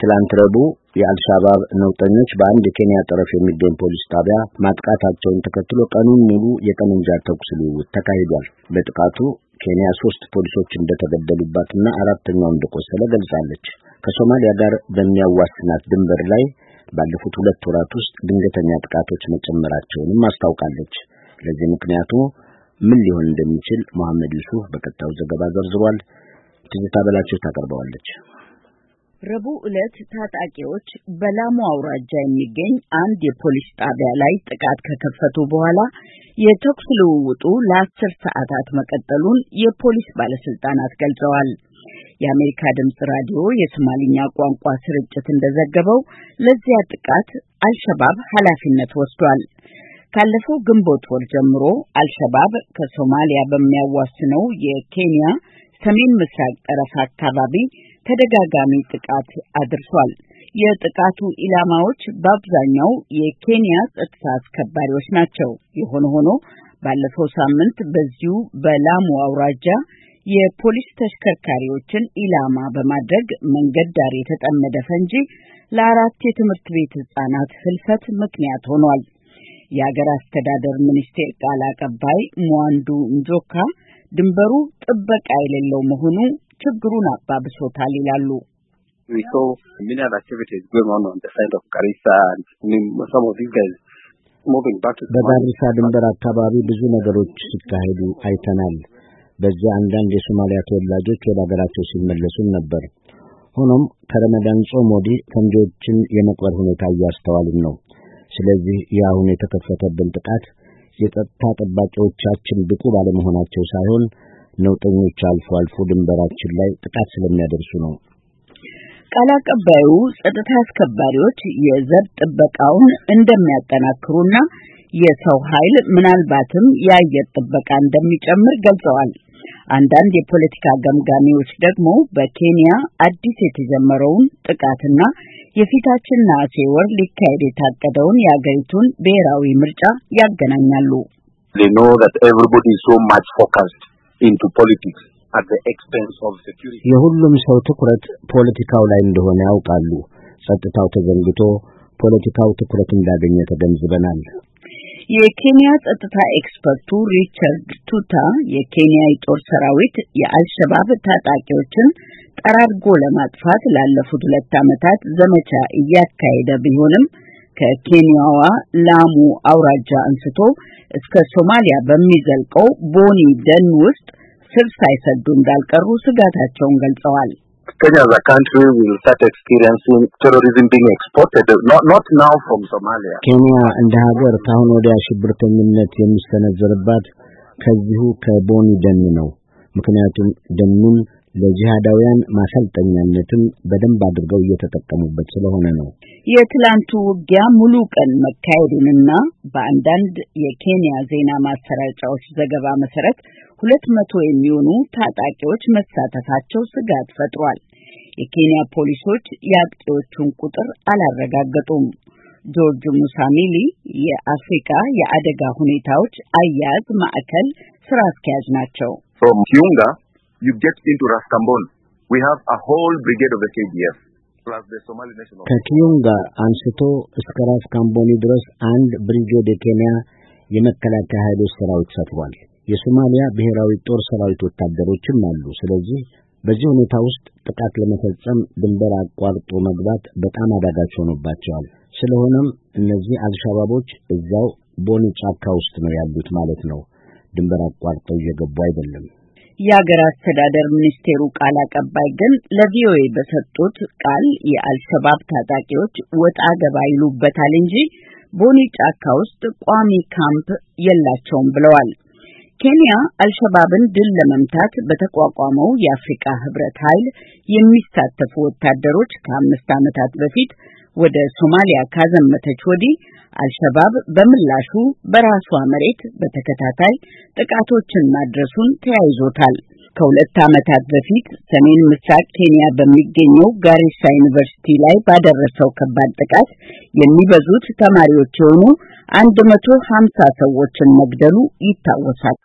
ትላንት ረቡዕ የአልሻባብ ነውጠኞች በአንድ የኬንያ ጠረፍ የሚገኝ ፖሊስ ጣቢያ ማጥቃታቸውን ተከትሎ ቀኑን ሙሉ የጠመንጃ ተኩስ ልውውጥ ተካሂዷል። በጥቃቱ ኬንያ ሶስት ፖሊሶች እንደተገደሉባትና አራተኛው እንደቆሰለ ገልጻለች። ከሶማሊያ ጋር በሚያዋስናት ድንበር ላይ ባለፉት ሁለት ወራት ውስጥ ድንገተኛ ጥቃቶች መጨመራቸውንም አስታውቃለች። ለዚህ ምክንያቱ ምን ሊሆን እንደሚችል መሐመድ ዩሱፍ በቀጣዩ ዘገባ ዘርዝሯል። ትዝታ በላቸው ታቀርበዋለች። ረቡዕ ዕለት ታጣቂዎች በላሙ አውራጃ የሚገኝ አንድ የፖሊስ ጣቢያ ላይ ጥቃት ከከፈቱ በኋላ የተኩስ ልውውጡ ለአስር ሰዓታት መቀጠሉን የፖሊስ ባለስልጣናት ገልጸዋል። የአሜሪካ ድምጽ ራዲዮ የሶማሊኛ ቋንቋ ስርጭት እንደዘገበው ለዚያ ጥቃት አልሸባብ ኃላፊነት ወስዷል። ካለፈው ግንቦት ወር ጀምሮ አልሸባብ ከሶማሊያ በሚያዋስነው የኬንያ ሰሜን ምስራቅ ጠረፍ አካባቢ ተደጋጋሚ ጥቃት አድርሷል። የጥቃቱ ኢላማዎች በአብዛኛው የኬንያ ጸጥታ አስከባሪዎች ናቸው። የሆነ ሆኖ ባለፈው ሳምንት በዚሁ በላሙ አውራጃ የፖሊስ ተሽከርካሪዎችን ኢላማ በማድረግ መንገድ ዳር የተጠመደ ፈንጂ ለአራት የትምህርት ቤት ህጻናት ሕልፈት ምክንያት ሆኗል። የአገር አስተዳደር ሚኒስቴር ቃል አቀባይ ሙዋንዱ ንጆካ ድንበሩ ጥበቃ የሌለው መሆኑ ችግሩን አባብሶታል ይላሉ። በጋሪሳ ድንበር አካባቢ ብዙ ነገሮች ሲካሄዱ አይተናል። በዚያ አንዳንድ የሶማሊያ ተወላጆች ወደ ሀገራቸው ሲመለሱም ነበር። ሆኖም ከረመዳን ጾም ወዲህ ፈንጂዎችን የመቅበር ሁኔታ እያስተዋልን ነው። ስለዚህ የአሁኑ የተከፈተብን ጥቃት የጸጥታ ጠባቂዎቻችን ብቁ ባለመሆናቸው ሳይሆን ነውጠኞች አልፎ አልፎ ድንበራችን ላይ ጥቃት ስለሚያደርሱ ነው። ቃል አቀባዩ ጸጥታ አስከባሪዎች የዘብ ጥበቃውን እንደሚያጠናክሩና የሰው ኃይል ምናልባትም የአየር ጥበቃ እንደሚጨምር ገልጸዋል። አንዳንድ የፖለቲካ ገምጋሚዎች ደግሞ በኬንያ አዲስ የተጀመረውን ጥቃትና የፊታችን ነሐሴ ወር ሊካሄድ የታቀደውን የአገሪቱን ብሔራዊ ምርጫ ያገናኛሉ። የሁሉም ሰው ትኩረት ፖለቲካው ላይ እንደሆነ ያውቃሉ። ጸጥታው ተዘንግቶ ፖለቲካው ትኩረት እንዳገኘ ተገንዝበናል። የኬንያ ጸጥታ ኤክስፐርቱ ሪቻርድ ቱታ የኬንያ የጦር ሰራዊት የአልሸባብ ታጣቂዎችን ጠራርጎ ለማጥፋት ላለፉት ሁለት ዓመታት ዘመቻ እያካሄደ ቢሆንም ከኬንያዋ ላሙ አውራጃ አንስቶ እስከ ሶማሊያ በሚዘልቀው ቦኒ ደን ውስጥ ስር ሳይሰዱ እንዳልቀሩ ስጋታቸውን ገልጸዋል። ኬንያ እንደ ሀገር ካሁን ወዲያ ሽብርተኝነት የሚሰነዘርባት ከዚሁ ከቦኒ ደን ነው። ምክንያቱም ደኑን ለጂሃዳውያን ማሰልጠኛነትም በደንብ አድርገው እየተጠቀሙበት ስለሆነ ነው። የትላንቱ ውጊያ ሙሉ ቀን መካሄዱንና በአንዳንድ የኬንያ ዜና ማሰራጫዎች ዘገባ መሰረት ሁለት መቶ የሚሆኑ ታጣቂዎች መሳተፋቸው ስጋት ፈጥሯል። የኬንያ ፖሊሶች የአጥቂዎቹን ቁጥር አላረጋገጡም። ጆርጅ ሙሳሚሊ የአፍሪካ የአደጋ ሁኔታዎች አያያዝ ማዕከል ስራ አስኪያጅ ናቸው። you get into Raskambon, we have a whole brigade of the KDF. ከኪዩንጋ አንስቶ እስከ ራስ ካምቦኒ ድረስ አንድ ብሪጌድ የኬንያ የመከላከያ ኃይሎች ሰራዊት ሰፍሯል። የሶማሊያ ብሔራዊ ጦር ሰራዊት ወታደሮችም አሉ። ስለዚህ በዚህ ሁኔታ ውስጥ ጥቃት ለመፈጸም ድንበር አቋርጦ መግባት በጣም አዳጋች ሆኖባቸዋል። ስለሆነም እነዚህ አልሻባቦች እዛው ቦኒ ጫካ ውስጥ ነው ያሉት ማለት ነው። ድንበር አቋርጠው እየገቡ አይደለም። የአገር አስተዳደር ሚኒስቴሩ ቃል አቀባይ ግን ለቪኦኤ በሰጡት ቃል የአልሸባብ ታጣቂዎች ወጣ ገባ ይሉበታል እንጂ ቦኒ ጫካ ውስጥ ቋሚ ካምፕ የላቸውም ብለዋል። ኬንያ አልሸባብን ድል ለመምታት በተቋቋመው የአፍሪካ ህብረት ኃይል የሚሳተፉ ወታደሮች ከአምስት ዓመታት በፊት ወደ ሶማሊያ ካዘመተች ወዲህ አልሸባብ በምላሹ በራሷ መሬት በተከታታይ ጥቃቶችን ማድረሱን ተያይዞታል። ከሁለት ዓመታት በፊት ሰሜን ምስራቅ ኬንያ በሚገኘው ጋሪሳ ዩኒቨርሲቲ ላይ ባደረሰው ከባድ ጥቃት የሚበዙት ተማሪዎች የሆኑ አንድ መቶ ሀምሳ ሰዎችን መግደሉ ይታወሳል።